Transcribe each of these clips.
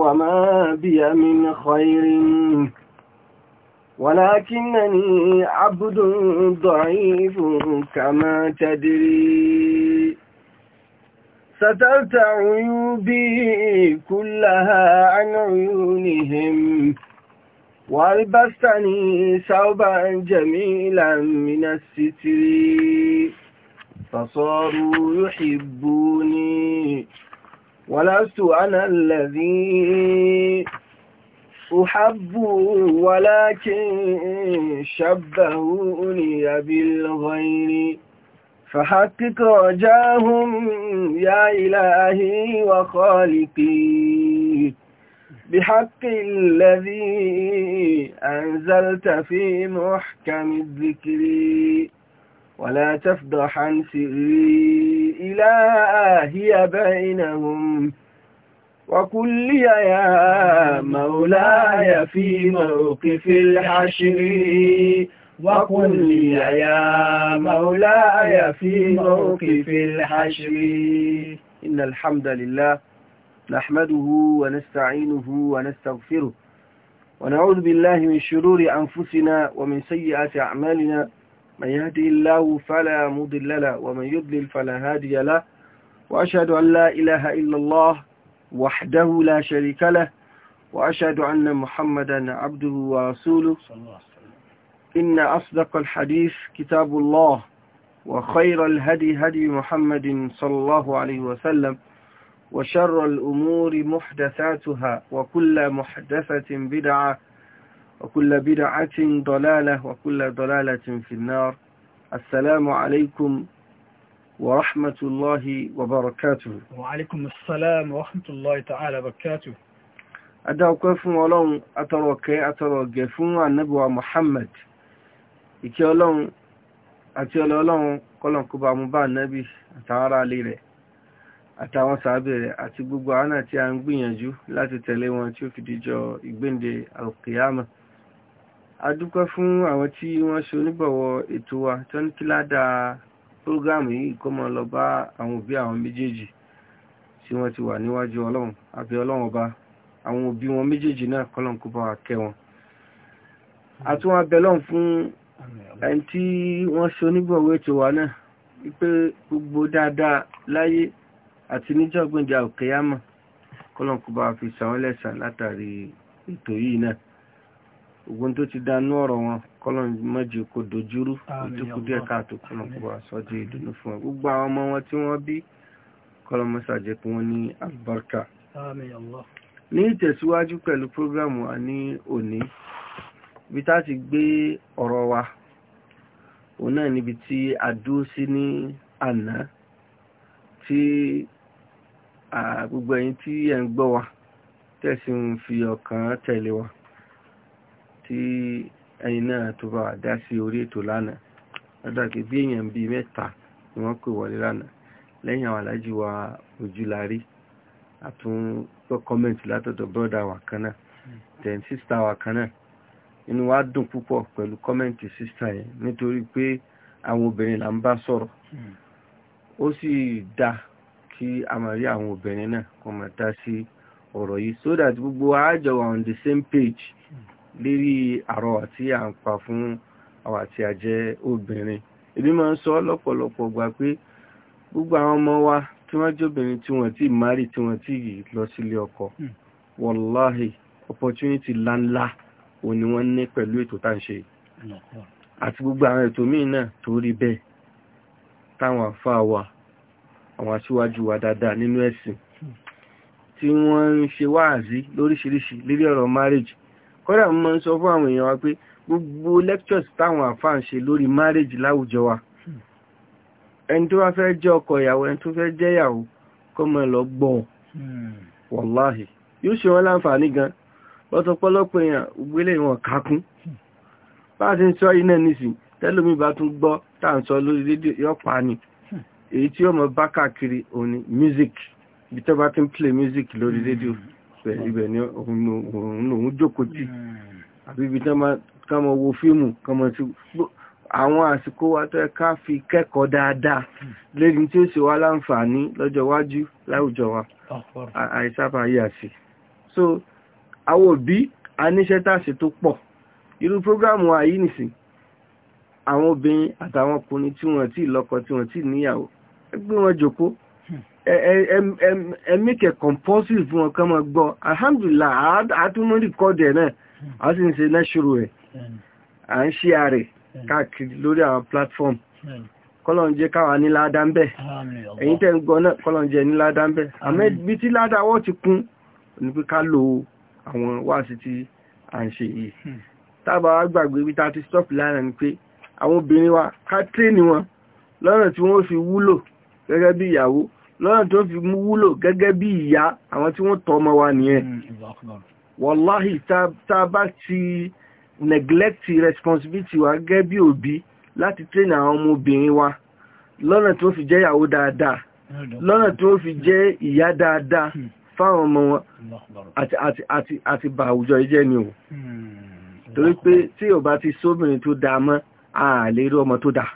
وما بي من خير ولكنني عبد ضعيف كما تدري سترت عيوبي كلها عن عيونهم والبستني ثوبا جميلا من الستر فصاروا يحبوني ولست أنا الذي أحب ولكن شبهوني بالغير فحقق رجاهم يا إلهي وخالقي بحق الذي أنزلت في محكم الذكر ولا تفضح عن سري إلى آهي بينهم وكل يا مولاي في موقف الحشر وكل يا مولاي في موقف الحشر إن الحمد لله نحمده ونستعينه ونستغفره ونعوذ بالله من شرور أنفسنا ومن سيئات أعمالنا من يهدي الله فلا مضل له ومن يضلل فلا هادي له وأشهد أن لا إله إلا الله وحده لا شريك له وأشهد أن محمدا عبده ورسوله إن أصدق الحديث كتاب الله وخير الهدي هدي محمد صلى الله عليه وسلم وشر الأمور محدثاتها وكل محدثة بدعة وكل بدعة ضلالة وكل ضلالة في النار السلام عليكم ورحمة الله وبركاته وعليكم السلام ورحمة الله تعالى وبركاته أدعوكم ولون أتروكي أتروكي فون النبوة محمد إكي ولون أتي ولون قولون كبا مبا النبي تعالى ليلة àtàwọn sàábẹ̀ rẹ̀ àti gbogbo àánà tí a ń gbìyànjú láti tẹ̀lé wọn tí ó fi dìjọ ìgbéǹde alkiyama adúpẹ́ fún àwọn tí wọ́n ṣe onígbọ̀wọ́ ètò wa tó ní kí ládà prógámù yìí kó mọ́ lọ bá àwọn òbí àwọn méjèèjì tí wọ́n ti wà níwájú ọlọ́run àbí ọlọ́run ọba àwọn òbí wọn méjèèjì náà kọ́lọ̀ kó bá wa kẹ́ wọn àtúnwà bẹ̀lọ́n fún ẹni tí wọ́n ṣe onígbọ̀wọ́ ètò wa náà wípé gbogbo dáadáa láyé àti níjọ́gbìndà òkèyàmọ̀ kọ́lọ̀ kó bá wa fi sàwọn lẹ́sàn látàrí ètò yìí náà ogun tó ti dánú ọ̀rọ̀ wọn kọ́lọ̀ mọ́jì kò dojúrú ìtukú díẹ̀ káàtó kọ́lọ̀ kó bá sọ́jú ìdùnnú fún wọn gbogbo àwọn ọmọ wọn tí wọ́n bí kọ́lọ̀ mọ́sàjẹ́ pé wọ́n ní albarka ní ìtẹ̀síwájú pẹ̀lú prógrámù wa ní òní ibi tá ti gbé ọ̀rọ̀ wa òun náà níbi tí a dúró sí ní àná tí gbogbo ẹ̀yin tí ẹ̀ ń gbọ́ wa tẹ̀sí ń fi ọkàn tẹ̀lé wa tí ẹni náà tó bá dá sí orí ètò lánàá látàkì bí èèyàn bíi mẹ́ta ni wọ́n pè wọlé lánàá lẹ́yìn àwọn alájí wa ojúlarí àtúntọ́ kọ́mẹ̀ntì látọ̀dọ̀ bọ́dà wa kan náà then sísítà wa kan náà inú wa dùn púpọ̀ pẹ̀lú kọ́mẹ̀ntì sísítà yẹn nítorí pé àwọn obìnrin là ń bá sọ̀rọ̀ ó sì dá kí a máa rí àwọn obìnrin náà kó máa dá sí ọ̀rọ̀ yìí so that gbogbo àjọ wa on the same page lérí àrọ àti à ń pa fún àwọn àti àjẹ́ obìnrin èmi máa ń sọ lọ́pọ̀lọpọ̀ gbà pé gbogbo àwọn ọmọ wa tí wọ́n jóbìnrin tí wọ́n ti mari tí wọ́n ti lọ sílé ọkọ hmm. wọláhì opportunity lanla o ni wọ́n ní pẹ̀lú ètò tá ń ṣe àti gbogbo àwọn ètò míì náà tó rí bẹ́ẹ̀ táwọn àfáà wa àwọn aṣíwájú wa dáadáa nínú ẹ̀sìn hmm. tí wọ́n ń ṣe wáàzí lóríṣiríṣi lérí ọ̀rọ̀ marriage kódà mo máa ń sọ fún àwọn èèyàn wa pé gbogbo lectures táwọn àfáà ń ṣe lórí marriage láwùjọ wa ẹni tó wá fẹ́ jẹ́ ọkọ ìyàwó ẹni tó fẹ́ jẹ́ ìyàwó kó máa lọ gbọ́ wàláhì yóò ṣe wọn láǹfààní gan lọ́tọ̀pọ̀lọpọ̀ èèyàn ògbélé wọn kákún bá a ti ń sọ iná nísìn tẹ́lómi bá tún gbọ́ tá à ń sọ lórí rédíò yóò pa ni èyí tí yóò mọ bá káàkiri òní music ibi tó bá ti ń play music lórí rédíò. Mm -hmm pẹ̀ ibẹ̀ ni òun jókòó tì àbí ibi ká mọ wo fíìmù ká mọ sí àwọn àsìkò wa tó ẹ ká fi kẹ́kọ̀ọ́ dáadáa lẹ́ni tí ó sì wá láǹfààní lọ́jọ́ iwájú láwùjọ wa àìsábà yà sí so àwọn òbí aníṣẹ́ tàṣe tó pọ̀ irú prógrámù wa yìí nìsín àwọn obìnrin àtàwọn ọkùnrin tí wọ́n ti lọ́kọ tí wọ́n ti níyàwó ẹgbẹ́ wọn jókòó ẹ mẹ́kẹ̀ compulsory fún ọkàn máa gbọ́ alhamdulillah àtúmọ̀ rìkọ́dì náà a sì ń ṣe lẹ́ṣọ́rọ̀ ẹ̀ à ń ṣe ààrẹ káàkiri lórí àwọn platform kọ́lọ̀n jẹ́ káwà ní ládá ń bẹ̀ ẹ̀yìn tẹ́ ń gbọ́ náà kọ́lọ̀n jẹ́ ní ládá ń bẹ̀ àmẹ́bí tí ládá wọ́n ti kún ní pé ká lo àwọn wáàsí tí a ń ṣe yìí hmm. tábà wá gbàgbé bí a ti stop lára ni pé àwọn obìnrin wa ká tréni wọn lọ́nà tí wọ́n fi wúlò gẹ́gẹ́ bí ìyàwó lọ́nà tó fi mú wúlò gẹ́gẹ́ bí ìyá àwọn tí wọ́n tọ́ ọmọ wa nìyẹn mm, wàláhì tá a bá ti neglect responsibility wa gẹ́gẹ́ bí òbí láti train àwọn ọmọbìnrin wa lọ́nà tó fi jẹ́ ìyàwó dáadáa lọ́nà tó fi jẹ́ ìyá dáadáa mm. fáwọn ọmọ wọn àti bà àwùjọ jẹ́ ni o mm. torí pé tí ò bá ti sóbìnrin tó dáa mọ́ àà lè rí ọmọ tó dáa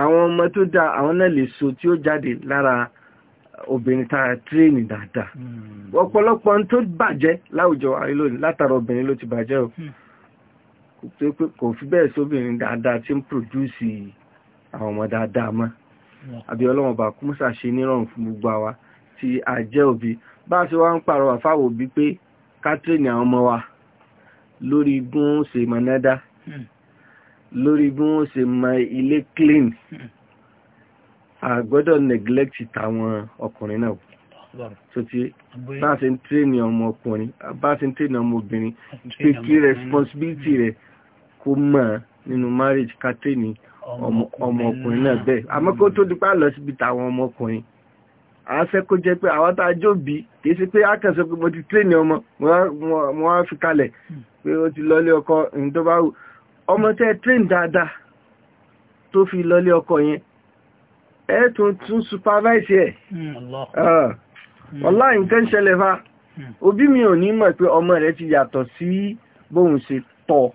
àwọn ọmọ tó dá àwọn náà lè so tí ó jáde lára obìnrin tara tírénì dáadáa hmm. ọ̀pọ̀lọpọ̀ tó bàjẹ́ láwùjọ àìlónì látara obìnrin ló ti bàjẹ́ o hmm. kò fi bẹ́ẹ̀ sóbìnrin dáadáa tí ń pòdúsì àwọn ọmọ dáadáa mọ́ hmm. àbí ọlọ́wọ̀n bá ṣe nírọ̀rùn fún gbogbo àwa tí a jẹ́ òbí bá a ṣe wá ń pàrọwà fáwọn òbí pé ká àwọn ọmọ wa lórí gún ṣe lórí bí wọ́n ṣe ma ilé clean àgbọ́dọ̀ neglect tàwọn ọkùnrin náà tó tí bá ṣe ń tréni ọmọ ọkùnrin bá ṣe ń tréni ọmọ obìnrin pé kí responsibility rẹ̀ kó mọ̀ nínú marriage ká tréni ọmọ ọkùnrin náà bẹ́ẹ̀ àmọ́ kó tó dípá lọ síbi tàwọn ọmọ ọkùnrin àṣẹ kó jẹ́ pé àwọn tá a jó bí kìí sí pé àkànṣe pé mo ti tréni ọmọ mo wá fi kalẹ̀ hmm. pé ó ti lọ lé ọkọ ní ọmọ tẹ́ train dáadáa tó fi lọlé ọkọ yẹn ẹ tún tún supervise ẹ̀ ọlá ìtẹ́ṣẹlẹ̀ fa òbí mi ò ní mọ̀ pé ọmọ rẹ̀ ti yàtọ̀ sí bóun ṣe tọ́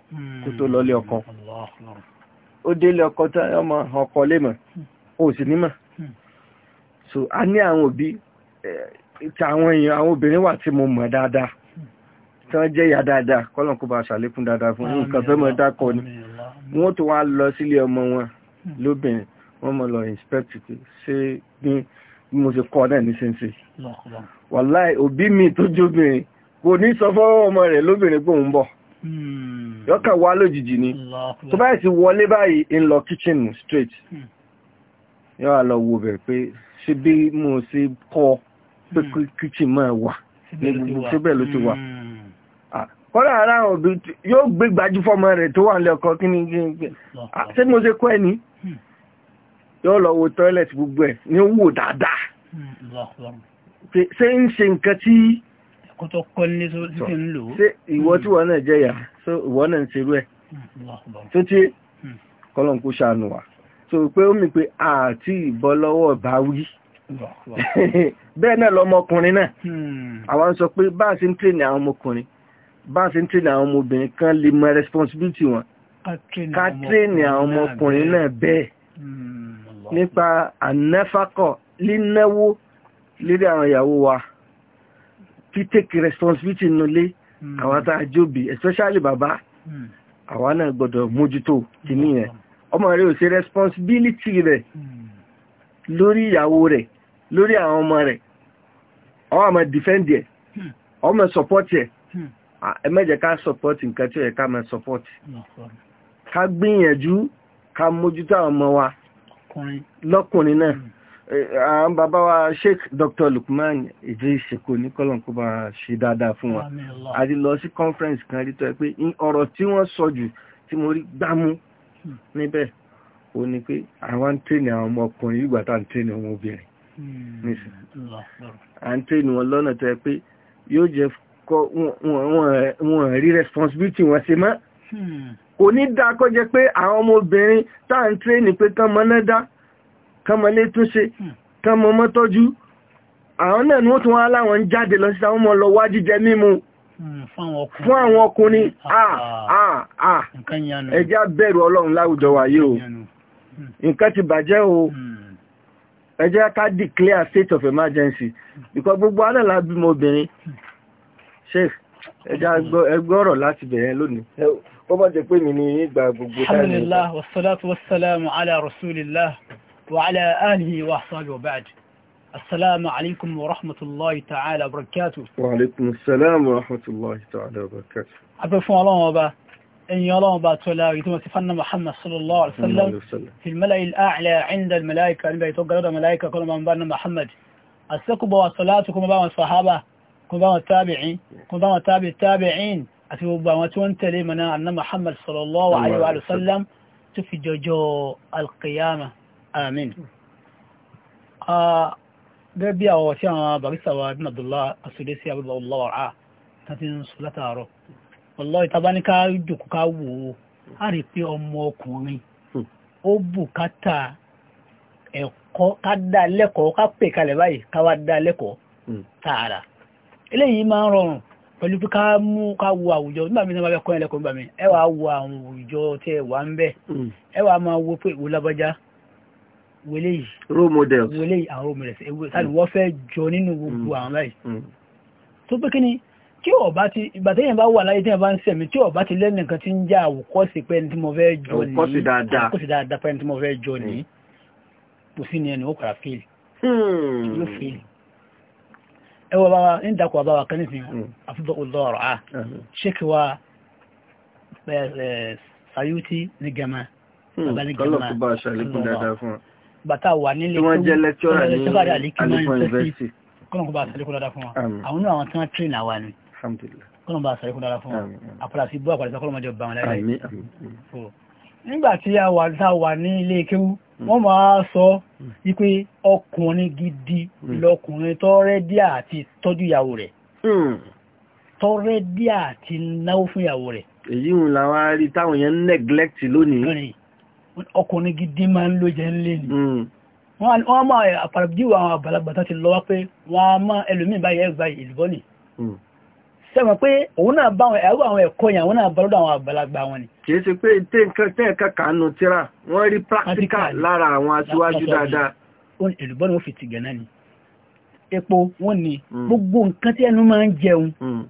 kó tó lọlé hmm. ọkọ ó délé ọkọ tó ọmọ ọkọ lè mọ̀ hmm. ó sì ní mọ̀ hmm. so a ní àwọn òbí eh, àwọn èèyàn àwọn obìnrin wà tí mo mọ̀ dáadáa tí wọ́n jẹ́ ìyá dáadáa kọ́lọ̀n kó bá ṣàlékún dáadáa fún nǹkan fẹ́ mọ́ dákọ̀ ni wọ́n tó wá lọ sílé ọmọ wọn hmm. lóbìnrin wọ́n mọ̀ lọ inspect ṣé ní bí mo ṣe kọ́ náà ní sẹ́nsẹ́ wàláì òbí mi tó jóbìnrin kò ní sọ fọ́wọ́ ọmọ rẹ̀ lóbìnrin pé òun bọ̀ hmm. yọ́kà wá lójijì ni tó báyìí ti wọlé báyìí ń lọ kitchen straight hmm. yọ́ à lọ wo bẹ̀ pé ṣe bí mo ṣe kọ́ pé kitchen máa wà ní gbogbo ṣe bẹ́ẹ̀ ló ti wà kọ́lá ara òbí yóò gbé gbajú fọ́mọ rẹ̀ tó wà ní ọkọ̀ kí ni gbé ṣé mo ṣe kọ́ ẹni hmm. yóò lọ wo tọ́ẹ̀lẹ̀tì gbogbo ẹ̀ ní wò dáadáa hmm, ṣé ń ṣe nǹkan tí kó tó kọ́ ní tó ti ń lò ṣé ìwọ tí wọ́n náà jẹ́yà ṣé náà ń ṣerú ẹ̀ tó hmm, tí kọ́lọ̀n kó ṣàánú wa so pé ó mi pé àti ìbọ́ lọ́wọ́ bá wí bẹ́ẹ̀ náà lọmọkùnrin náà àwọn sọ pé bá a ṣe ń tẹ̀lé àwọn ọmọkùnrin bá ṣe ń tírìnì àwọn ọmọbìnrin kan lè mọ responsibility wọn ká tírìnì àwọn ọmọkùnrin náà bẹ́ẹ̀ hmm. nípa ànáfàkọ̀ línáwó lérí àwọn ìyàwó wa fi take responsibility nulé hmm. àwọn tá a jóbi especially bàbá hmm. àwa náà gbọ́dọ̀ mójútó kìíní yẹn ọmọ rẹ̀ ò ṣe responsibility rẹ̀ lórí ìyàwó rẹ̀ lórí àwọn ọmọ rẹ̀ ọmọ defend ẹ̀ ọmọ support ẹ̀ ẹ má ká support nǹkan tí ó yẹ ká máa support ká gbìyànjú ká mójútó àwọn ọmọ wa lọ́kùnrin náà hmm. àwọn bàbá wa sheik dr lukman idris seko ní kọ́lọ̀nkú bá ṣe dáadáa fún wa a ti lọ sí conference kan rí tó ẹ pé ọ̀rọ̀ tí wọ́n sọ jù tí mo rí gbámú hmm. níbẹ̀ ó ní pé àwọn ń tẹ́ni àwọn ọmọ ọkùnrin yìí gbàtà ń tẹ́ni ọmọ obìnrin nísìnyí à ń tẹ́ni hmm. wọn lọ́nà tó ẹ pé yóò jẹ́ wọn rí responsibility wọn ṣe mọ́ hmm. kò ní dá kọ́ jẹ́ pé àwọn ọmọbìnrin tá à ń tréní pé kán mọ́ náà dá kán mọ́ lé túnṣe hmm. kán mọ́ mọ́ tọ́jú àwọn náà ni wọ́n tún wá láwọn jáde lọ sí àwọn ọmọ lọ wá jíjẹ mímu hmm, fún àwọn ọkùnrin ah, ah, ah. ẹjá bẹ̀rù ọlọ́run láwùjọ wa yìí o nǹkan ti bàjẹ́ o ẹjá ká declare state of emergency because gbogbo aláàlá bímọ obìnrin sheikh ẹja ẹgbọ́rọ̀ láti bẹ̀rẹ̀ lónìí ó bá jẹ pé mi ní ìgbà gbogbo alhamdulillah wassalatu wassalamu ala rasulillah wa ala alihi wa sahbihi wa ba'd assalamu alaikum wa rahmatullahi ta'ala wa barakatuh wa alaikum assalam wa rahmatullahi ta'ala wa barakatuh abẹ́ fún ọlọ́run ọba إن يرى باتولا يتم سفن محمد صلى الله عليه وسلم في الملأ الأعلى عند الملائكة عندما يتوقع الملائكة كل من بان محمد السكب وصلاتكم بان الصحابة kún bá wọn tábìín kún bá wọn tábì tábìín àti gbogbo àwọn tí wọ́n tẹ̀lé mọ̀nà anna muhammad sallallahu alaihi wa sallam tó fi jọjọ alkiyama amin gẹ́gẹ́ bí àwọn tí àwọn barista wa bin abdullah asudé sí abúlọ ọlọ́wà tàbí ń sọ látàárọ̀ wallahi ìtabaníká jòkó ká wò ó a rí pé ọmọ ọkùnrin ó bùkátà dá lẹ́kọ̀ọ́ ká pè kalẹ̀ báyìí ká wá dá lẹ́kọ̀ọ́ hmm. tààrà eléyìí máa ń rọrùn pẹ̀lú pé ká mú ká wo àwùjọ nígbà mi náà bá kọ́ ẹlẹ́kọ̀ọ́ nígbà mi ẹ wàá wo àwọn àwùjọ tẹ ẹ wà ń bẹ̀ hmm. ẹ wàá máa wo pé ìwò lábájá wọlé yìí role models wọlé yìí àwọn role models sani hmm. wọ́n fẹ́ jọ nínú gbogbo hmm. àwọn báyìí tó pé kí ni tí ọba ti ìgbà téèyàn bá wà láyé téèyàn bá ń sẹ̀mí tí ọba ti lẹ́nu nǹkan tí ń já àwòkọ́sí pé ẹni tí mo fẹ́ jọ nìyí àwòkọ́sí dáadáa pé ẹni tí mo fẹ́ jọ nìyí kò sí ni ẹni ó kàrà fèèlì yóò fèèlì ẹwọ bá mm. ah. mm-hmm. wa ń dákọ̀ bá wa kan nísìn àfúbọ̀ ọlọ́rọ̀ à ṣékì wa sayuti ní gama mm. bàbá ní gama bàtà wà nílé tó jẹ́ lẹ́tọ́rà ní alifon university kọ́nà kó bá sàlékún dáadáa fún wa àwọn náà àwọn tí wọ́n tírìn àwa ni kọ́nà bá nígbàtí a wà tá wà ní ilé kéwú hmm. wọ́n máa sọ hmm. wípé ọkùnrin gidi hmm. lọkùnrin tó rẹ́dí àti tọ́jú ìyàwó rẹ̀ tó àti náwó fún ìyàwó rẹ̀ èyí ń la wá rí táwọn yẹn ń neglect lónìí ọkùnrin gidi máa ń ló jẹ ń lé ni wọ́n máa àpàràbíwà àwọn àgbàlagbà tó ti lọ wá pé wọ́n á máa ẹlòmíì báyìí ẹgbà ìlúbọ́nì sẹ́wọ̀n pé òun náà bá ẹ̀rú àwọn ẹ̀kọ́ yẹn àwọn náà bá lọ́dọ̀ àwọn àgbàlagbà wọn ni. kìí ṣe pé tẹ́ẹ̀kan kàánù tíra wọ́n rí practical lára àwọn aṣíwájú dáadáa. èlùbọ́ ni wọ́n fi tìgẹ̀ náà ni epo wọ́n ní hmm. gbogbo nǹkan tí ẹnu máa ń jẹun. Hmm.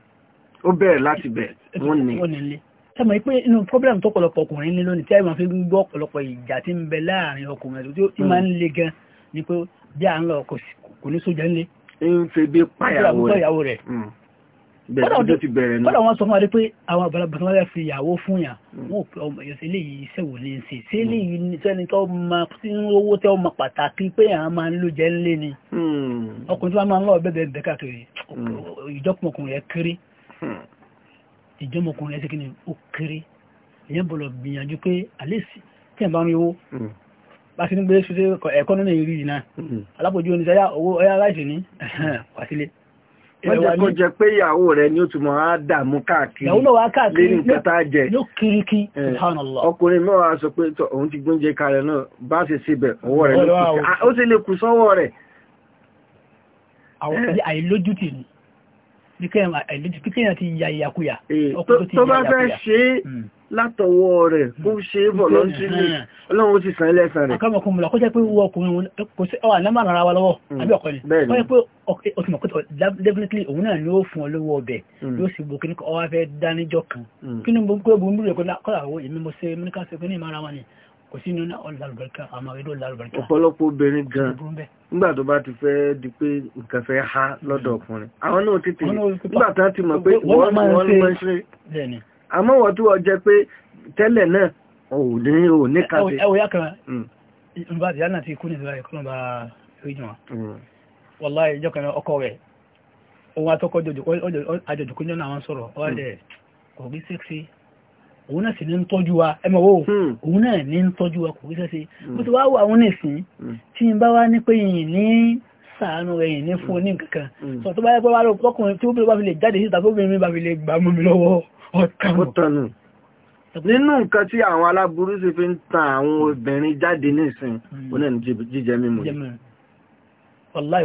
ó bẹ̀rẹ̀ láti bẹ̀ wọ́n ní. wọ́n ní ilé sẹ́mọ̀ pé inú problem tó pọ̀lọpọ̀ ọkùnrin ní lónìí tí a máa fi ń gbọ́ ọ̀pọ̀lọpọ̀ ìjà tí ń bẹ láàrin ọkùnrin tí máa ń hmm. le gan ni pé bí à ń lọ kò ní sójà ńlé. ń fi bí pàyàwó rẹ̀ kọ́dà wọn sọ fún adé pé àwọn àgbàlagbà tó wáyé fi ìyàwó fún yà hmm. wọn ò pé eléyìí iṣẹ́ wò lè ṣe ṣé eléyìí hmm. sẹ́ni tó ma tí owó tẹ́ ọmọ pàtàkì pé àwọn máa ń lò jẹ́ ńlé ni hmm. ọkùnrin tí wọ́n máa ń lọ bẹ́ẹ̀ bẹ́ẹ̀ káàkiri ìjọkùnrin rẹ̀ kéré ìjọmọkùnrin rẹ̀ sẹ́kìnì ó kéré ìyẹn bọ̀lọ̀ gbìyànjú pé àlèsì tí ẹ̀ bá ń rí owó bá ti ń gbé ṣe ẹ̀kọ́ nínú ìrìn náà alápòjú oníṣẹ́ owó ọyá aláìsí ní wàsílẹ̀ ẹwà ní. Wọ́n pé ìyàwó rẹ̀ ni ó túnmọ̀ á dààmú káàkiri. Ìyàwó náà wá káàkiri lórí nǹkan tá a jẹ. Yóò kiri kí subhanallah. Ọkùnrin mẹ́wàá sọ pé òun ti gbóúnjẹ kalẹ̀ náà bá ṣe síbẹ̀ ọwọ́ rẹ̀ ló kù Ó sì lè kù sọ́wọ́ rẹ̀. Àwọn àìlójútì ni. Bí kéèyàn ti ya ìyàkuyà. Tó bá fẹ́ ṣe hmm látọwọ́ rẹ̀ kó ṣe voluntarily ọlọ́run ti sàn ẹlẹ́sàn rẹ̀. akọ́mọ̀ kọmọlá kó mm. definitely òun náà ni ó fún ọ lówó ọbẹ̀ mm. yóò sì bo kíní ọwá fẹ́ dánijọ́ kan mm. kí ni gbogbo egbò ń bí rẹ̀ kọ́lá àwọn èmi mo ṣe mú ní ká ṣe pé ní ìmọ̀ ara wa ni kò àmọ́ wọ́n tó wọ́n jẹ́ pé tẹ́lẹ̀ náà ò ní ò ní kàbẹ̀. ẹ wò yá kan nígbà tí yánà ti kú ní ìdílé kọ́nà bá rí jùmọ̀ wàláhì hmm. ìjọ kan ọkọ rẹ̀ òun atọ́kọ́ àjọjùkú ní ọ̀nà àwọn sọ̀rọ̀ ọ̀rẹ́ hmm. kò rí sẹ́ksì òun náà sì ní ń tọ́jú wa ẹ mọ̀ wò hmm. òun náà ní ń tọ́jú wa kò rí sẹ́ksì bó ti wá wà àwọn nìsín tí n bá wá ní pé yìnyín ní sàánú ẹ̀yìn ní fún oní nǹkan kan sọ tó bá yẹ pé wá lọ ọkùnrin tí ó bá fi lè jáde síta tó bẹ̀rẹ̀ mi bá fi lè gbà mọ́ mi lọ́wọ́ ọ̀tànù nínú nǹkan tí àwọn aláburú sì fi ń tan àwọn obìnrin jáde nísìn onáni hmm. jíjẹ mímu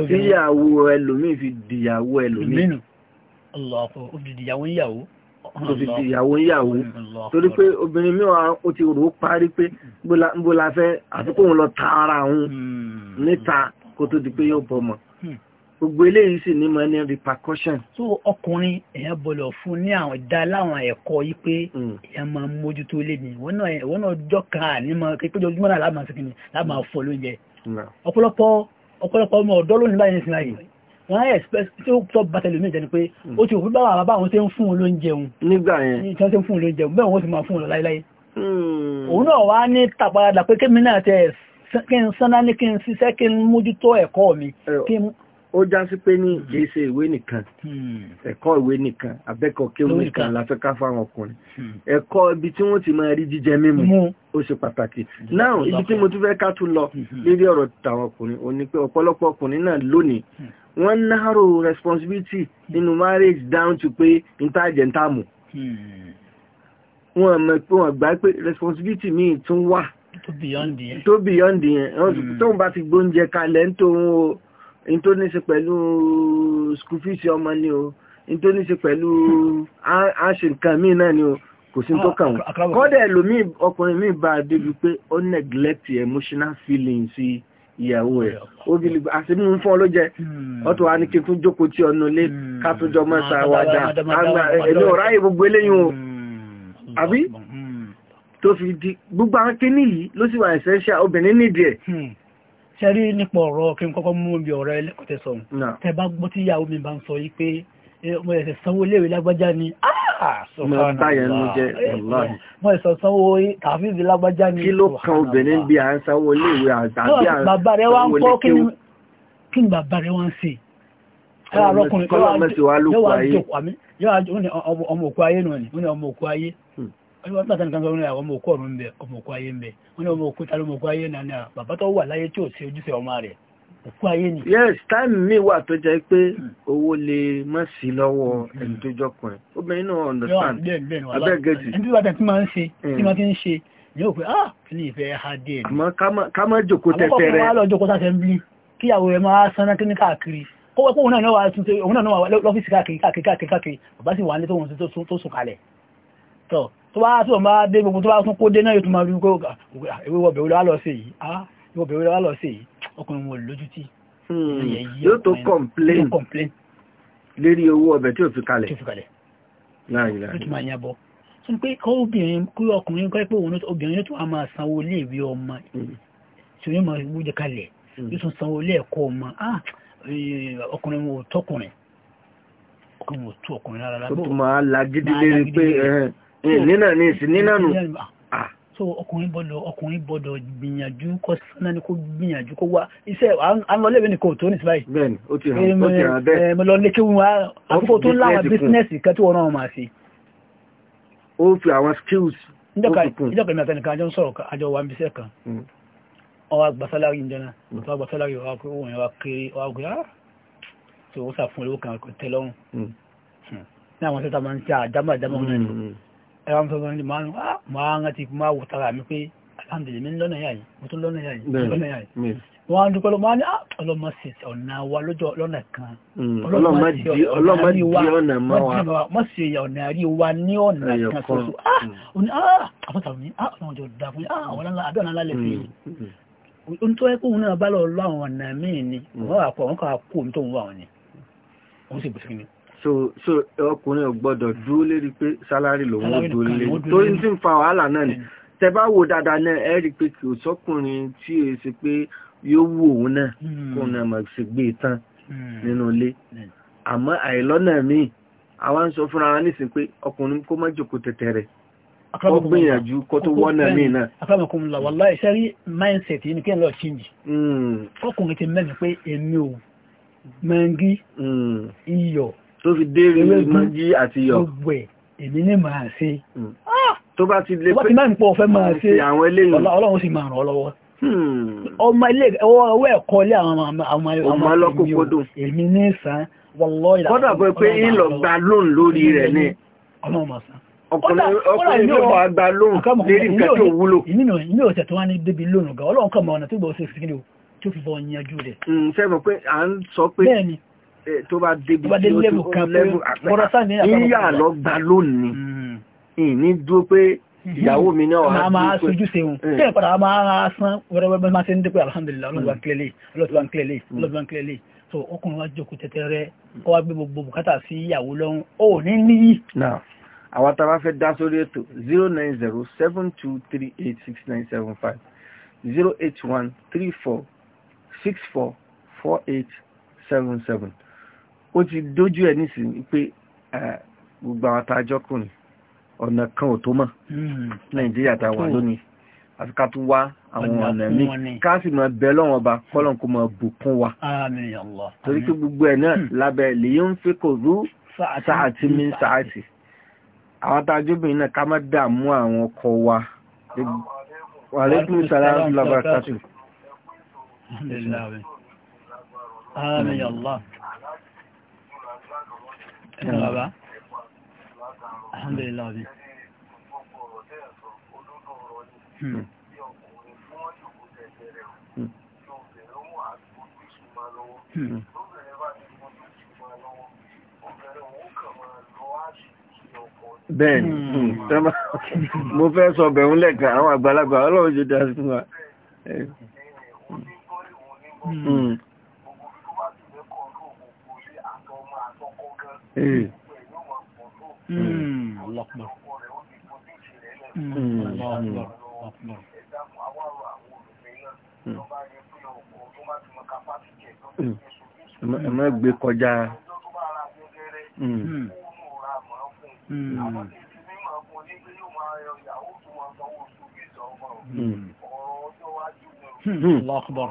tíyàwó ẹlòmíì fi dìyàwó ẹlòmíì tó fi dìyàwó yàwó torí pé obìnrin mìíràn ó ti rò ó parí pé bó la fẹ́ àti kóun lọ ta ara òun hmm. níta kó tó di pé yóò bọ́ mọ́ gbogbo eléyìí sì ní mọ ní repercussion. so ọkùnrin èèyàn bọ̀lọ̀ fún ní àwọn dá láwọn ẹ̀kọ́ yìí pé hmm. èèyàn máa ń mójútó lé ní ìwọ náà ìwọ náà jọ kan àní mọ pé péjọ ojúmọ́ náà láàmà sí kìnnì láàmà fọ lóúnjẹ. ọ̀pọ̀lọpọ̀ ọ̀pọ̀lọpọ̀ ọmọ ọ̀dọ́ lónìí báyìí nísìnyí báyìí wọ́n á express tí ó sọ bàtẹ́lú mi jẹ́ ni pé hmm. ó ti òfin báwa bàbá àwọn ṣe ń fún un lóúnjẹ òun. nígbà yẹn tí wọ́n ṣe ń fún un lóúnjẹ òun bẹ́ẹ̀ wọ́n sì máa fún ó já sí pé ní hmm. kìí ṣe ìwé nìkan hmm. ẹ̀kọ́ ìwé nìkan abẹ́kọ̀ọ́ kéwú nìkan la fẹ́ ká fáwọn ọkùnrin hmm. ẹ̀kọ́ ibi tí wọ́n ti máa rí jíjẹ mímu ó ṣe pàtàkì náà ibi tí mo tún fẹ́ ká tún lọ lórí ọ̀rọ̀ tàwọn ọkùnrin ò ní pé ọ̀pọ̀lọpọ̀ ọkùnrin náà lónìí wọ́n narrow responsibility nínú marriage down to pé ntaajẹ ntaamu wọ́n mọ̀ pé wọ́n gbà pé responsibility míì tún wà tó beyond yẹn tó ń bá ti gbóúnjẹ kalẹ̀ ń tó ń o in tó ní ṣe school fees ọmọ ni o in tó ní ṣe pẹ̀lú àṣì nǹkan míì náà ni o kò sí tó ah, kàn wọ́n kọ́dẹ̀ lómi ọkùnrin míì bá a débi pé ó neglect emotional feelings sí ìyàwó ẹ̀ o bí lè àti mímú fún ọ ló jẹ ọtọ hmm. wa ní kí n tún jókòó tí ọnu ilé hmm. ká tún jọ mọ́ta wàdà ẹni ọ̀rá yìí gbogbo eléyìí o hmm. àbí tó fi di gbogbo àwọn kíní yìí ló sì wà essential obìnrin nídìí ẹ̀ ṣẹ́rí nípa ọ̀rọ̀ kí n kọ́kọ́ mú bí ọ̀rọ̀ ẹlẹ́kọ̀tẹ́ sọ tẹ bá gbọ́ tí ìyàwó mi bá ń sọ yìí pé mo ẹ̀sẹ̀ sanwó iléèwé lágbájá ni ah, mo eh, ẹ̀sẹ̀ sanwó tàfíìsì lágbájá ni kí ló kan obìnrin bí à ń sanwó iléèwé àtàbí à ń sanwó iléèwé kí ni bàbá rẹ wá ń ṣe ọmọ òkú ayé nù ni ọmọ òkú ayé wọ́n tàbí kan sọ ní àwọn ọmọ òkú ọ̀run ń bẹ ọmọ òkú ayé ń bẹ wọ́n ní ọmọ òkú tàbí ọmọ òkú ayé yes time mi wà tó jẹ́ pé hmm. owó lè má sí lọ́wọ́ hmm. ẹni tó jọkùnrin obìnrin náà understand abẹ́gẹ́jì ẹni tó bá tẹ̀ tí máa ń ṣe hmm. tí máa ti ah kí ni ìfẹ́ ha dé ẹ̀. àmọ́ ká má jòkó tẹ́tẹ́ rẹ̀ àmọ́ kọ́kọ́ kó wọ́n kó òun náà náà wà tún tẹ òun náà náà wà lọ́fíìsì káàkiri káàkiri káàkiri bàbá sì wà ní tó wọn tó sùn kalẹ̀ tó wá tó máa dé gbogbo tó bá tún kó dé náà yóò tún máa rí kó ìwọ̀bẹ̀ olówá lọ sí yìí ọkùnrin wọn lójú tí hmm, yóò tó complain lérí owó ọbẹ̀ tí ò fi kalẹ̀ láàrín láàrín tún pé kọ́ obìnrin kú ọkùnrin kọ́ pé òun obìnrin tó wà máa sanwó ilé ìwé ọmọ hmm. tí ó máa wújẹ kalẹ̀ hmm. yóò tún sanwó ilé ẹ̀kọ́ ọmọ ah, ọkùnrin ò tọkùnrin ọkùnrin ò tó ọkùnrin rárá tó máa lagídí lérí pé Eh, nínà ní ìsìn nínà nù ah. so ọkùnrin bọ́dọ̀ ọkùnrin bọ́dọ̀ gbìyànjú kọ́ sánà ní kó gbìyànjú kó wá iṣẹ́ àmọ́lẹ́bẹ̀ ní kò tó ní síbáyìí bẹ́ẹ̀ni ó ti hàn eh, bẹ́ẹ̀ eh, mo lọ lé kéwù wá àkókò tó láwọn bísínẹ́sì kan tí wọ́n náà máa fi. ó fi àwọn skills ó fi kún. ìjọba ìmọ̀ àtẹnìkan àjọ ń sọ̀rọ̀ àjọ wa hmm. ń hmm. bíṣẹ́ ah. kan ọwọ́ hmm. agbásálárì ń jẹun ọwọ́ agbásálárì ọwọ́ akéré ọwọ́ akéré ọwọ́ akéré tó ó sàfún olówó ẹwà mọ́sọ̀ lọ́nà máa ń ah, máa ń ti máa wò tara mi pé alhamdulillah mi lọ́nà yáyìí mo tún lọ́nà yáyìí lọ́nà yáyìí wọ́n á dúpẹ́ lọ máa ní ah, ọlọ́mọ sí ọ̀nà wa lọ́jọ́ lọ́nà kan hmm, ọlọ́mọ sí ọ̀nà rí wa wọ́n sì yà ọ̀nà rí wa ní ọ̀nà kan ṣoṣo ọ̀nà ah, àpótàwọn hmm. ní ọ̀nà ọjọ́ dá fún so so ọkùnrin ò gbọ́dọ̀ dúró lérí pé sálárì lòun ò dúró lérí torí tí ń fa wàhálà náà ni tẹ bá wo dáadáa náà ẹ rí i pé kò sọkùnrin tí o ṣe pé yóò wù òun náà hmm. kó náà mà ṣe gbé e tán hmm. nínú ilé hmm. àmọ́ àìlọ́nà míì àwa ń sọ fúnra wa nísìn pé ọkùnrin kó má jòkó tẹ̀tẹ̀ rẹ̀ ó gbìyànjú kó tó wọ́nà míì náà. akọ́bẹ̀kùn lọ wàlá iṣẹ́ rí mindset yìí ni kí n lọ change. ọkùnrin ti mẹ́rin pé èmi ò mẹ́ngí iyọ̀ tó fi dé mọ́jí àti yọ gbogbo ẹ̀ èmi ní máa ṣe hmm. ah! tó bá ti lè pé hmm, àwọn eléyìn ọlọ́run sì máa ràn ọ́ lọ́wọ́ hmm. ọmọ ilé ọwọ́ ẹ̀kọ́ ilé àwọn ọmọ ọlọ́kùnkúndùn èmi ní ìsàn wọ́lọ́ ìlànà kọ́dà pé pé ìlọ gba lóòn lórí rẹ̀ ní ọkùnrin yóò wá gba lóòn lérí nǹkan tó wúlò inú ọ̀sẹ̀ tó wá ní débi lóòn gan ọlọ́run kọ̀ mọ̀ ọ̀nà tó Eh, tó bá débi tí ó tó kún lẹ́bù àpẹẹrẹ yíyà lọ gba lónìí hmm. ìní dúró pé hmm. ìyàwó mi náà wà á sojú sehun tí ẹ̀ padà máa san wẹ́rẹ́wẹ́rẹ́ máa ṣe ń dẹ́pẹ́ alhamdulilayi ọlọ́dún bá ń hmm. kílẹ̀ lé ọlọ́dún bá ń kílẹ̀ lé ọlọ́dún so ọkùnrin wa jókòó tẹ́tẹ́ rẹ ọwá gbé gbogbo bùkátà sí ìyàwó lọ́rùn ó ní níyì. àwọn tá a bá fẹ́ dá sórí zero nine zero seven two three eight six nine seven five zero eight one three four six four four eight seven seven ó ti dójú ẹ̀ nísìnyí pé gbogbo àwọn atajọ́kùnrin ọ̀nà kan ò tó mọ̀ hmm. nàìjíríà tá a wà lónìí àti ká tún wá àwọn ọ̀nà mi ká sì máa bẹ lọ́wọ́n ọba kọ́lọ́n kó máa bùkún wa torí pé gbogbo ẹ̀ náà hmm. lábẹ́ lèyí ń fi kò rú sáàtì mi sáàtì àwọn atajọ́bìnrin náà ká má dààmú àwọn ọkọ wa wàlẹ́kùn sàrà lọ́bàkàtù. Amin Allah. bàbá alhamdulillah bi. bẹ́ẹ̀ni hmm. hmm, mo fẹ́ sọ bẹ̀rún lẹ́ka àwọn àgbàlagbà ọlọ́run ṣe Hmm. Hmm, hmm. ẹ gbé kọjá Allahu Akbar.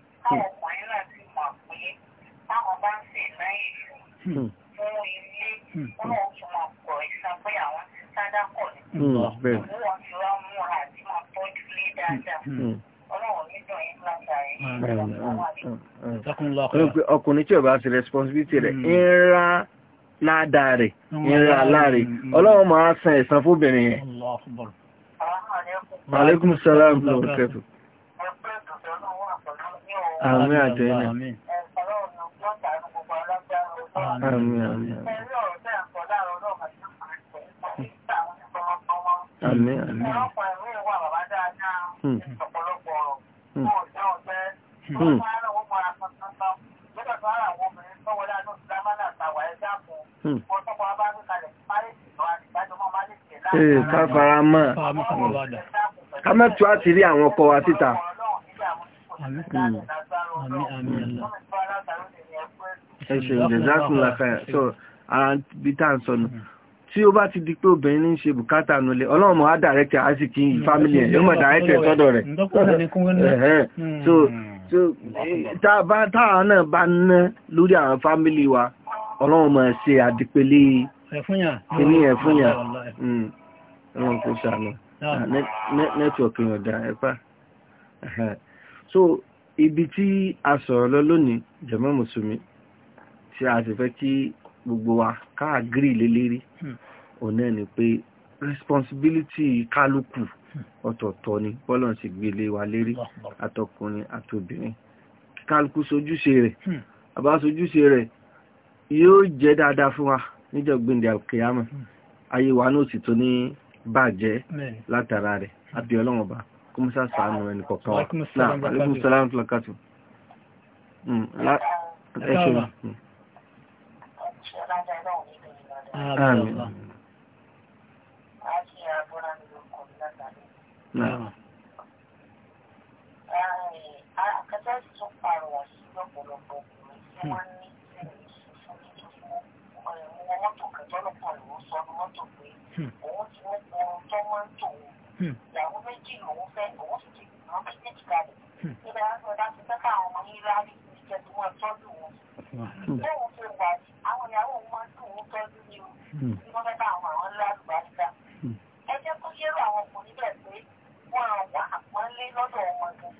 Hmm. bẹ́ẹ̀. Hmm. Hmm. ọkùnrin tí ó bá ṣe responsibility rẹ̀ ń ra ládàá rẹ̀ ń ra láre ọlọ́run máa san ẹ̀san fóbìnrin yẹn. aleykum salaam wa rahmatulah. àmín àjọ yẹn. àmín àmín. àmín àmín. ọ̀pọ̀ ìwé wà bàbá dáadáa hmm. ọ̀pọ̀lọpọ̀ ọ̀rọ̀ tó ọ̀jọ́ ọ̀fẹ́ tó ń bá àwọn ọmọ àkọsán tán lọ́dọ̀ tó ara àwọn obìnrin tó wọlé àdó ìdámánà àtàwà ẹ̀dá hmm. fún eh, wọn tọ́pọ̀ abá ń kalẹ̀ máyèsì àti ìgbàjọmọ́ àwọn ọkọ wa síta. Hmm. ẹ ṣeun jẹ zákùn làkàyà so ara bí tá à ń sọnù tí ó bá ti di pé obìnrin ń ṣe bùkátà nulẹ̀ ọlọ́run mọ̀ á dàrẹ́kẹ̀ á sì kí fámílì ẹ̀ ló mọ̀ dàrẹ́kẹ̀ sọ́dọ̀ rẹ̀ hmm. hmm. so táà náà bá ná lórí àwọn fámílì wa ọlọ́run mọ̀ ṣe àdìpele kíní ẹ̀fúnyà hmm. ọlọ́run kò ṣàánú ah. ah, nẹ́tíwọ̀kì ọ̀dà so ibi tí a sọ̀rọ̀ lọ lónìí jẹ̀mọ́ gbogbo wa ká àgírí lélẹ́rí òun ni pé responsibility kálukú ọ̀tọ̀ọ̀tọ̀ ni bọ́lọ̀n sì gbé lé wa lérí àtọkùnrin àtobìnrin kálukú sojúṣe rẹ̀ àbá sojúṣe rẹ̀ yóò jẹ́ dáadáa fún wa níjọ̀gbìndẹ̀ àkèyàmọ̀ ayé wa náà sì tó ní bàjẹ́ látara rẹ̀ àbí ọlọ́run ọba kó mọ́sá ẹnì kọ̀ọ̀kan wa náà àlékún sàlámù Àmín. Ìyàwó méjì lòun fẹ́, òun sì ti gbìyànjú méjèèjì kalẹ̀. Hmm. Nígbà tí wọ́n bá ti fẹ́ káwọn ọmọ yín rárí ìjẹ́ tí wọ́n tọ́jú wọn.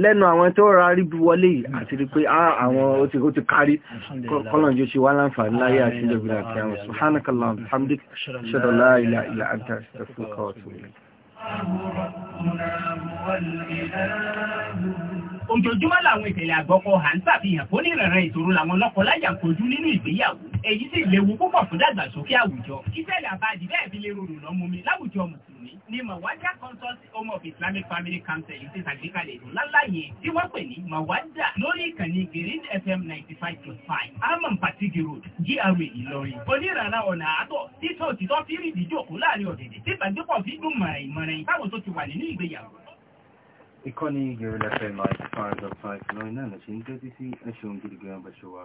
lẹ́nu àwọn tó ra ríbi wọlé àti rí pé ah, àwọn ó ti kárí kọ́lọ̀n jẹ́ ṣe wá láǹfààní láyé àti ilẹ̀ ìgbìyà kí àwọn subhanakallah alhamdik ṣọ́dọ̀lá ilẹ̀ ilẹ̀ àti àṣìṣẹ́ fún kọ́ọ̀tù ojoojúmọ́ làwọn ìṣẹ̀lẹ̀ àgbọ̀kọ̀ à ń ṣàfihàn fún ìrẹ̀rẹ̀ ìṣòro làwọn lọ́kọláya kojú nínú ìgbéyàwó èyí sì léwu púpọ̀ fún dàgbàsókè àwùjọ ìṣẹ̀lẹ̀ àbájì bẹ́ẹ̀ fi lè rorò lọ́mú mi láwùjọ mùsùlùmí ni mawadda consult home of islamic family council ti ṣàgbékalẹ̀ ètò lálàyé tí wọ́n pè ní mawadda lórí ìkànnì green fm ninety five point five amam patigi road gra ìlọrin onírànà ọ̀nà àtọ̀ títọ́ òtítọ́ fírìdì jókòó láàrin ọ̀dẹ̀dẹ̀ tí ìbàgbépọ̀ fi dùn mọ̀rẹ̀ ìmọ̀rẹ̀ táwọn tó ti wà nínú ìgbéyàwó ìkọ́ni gẹ̀rẹ́lẹ́fẹ́ like five fáwọn ọjọ́ 5 lọ́rin náà ṣe ń gẹ́gẹ́ sí ẹ̀ṣùn gidi show up.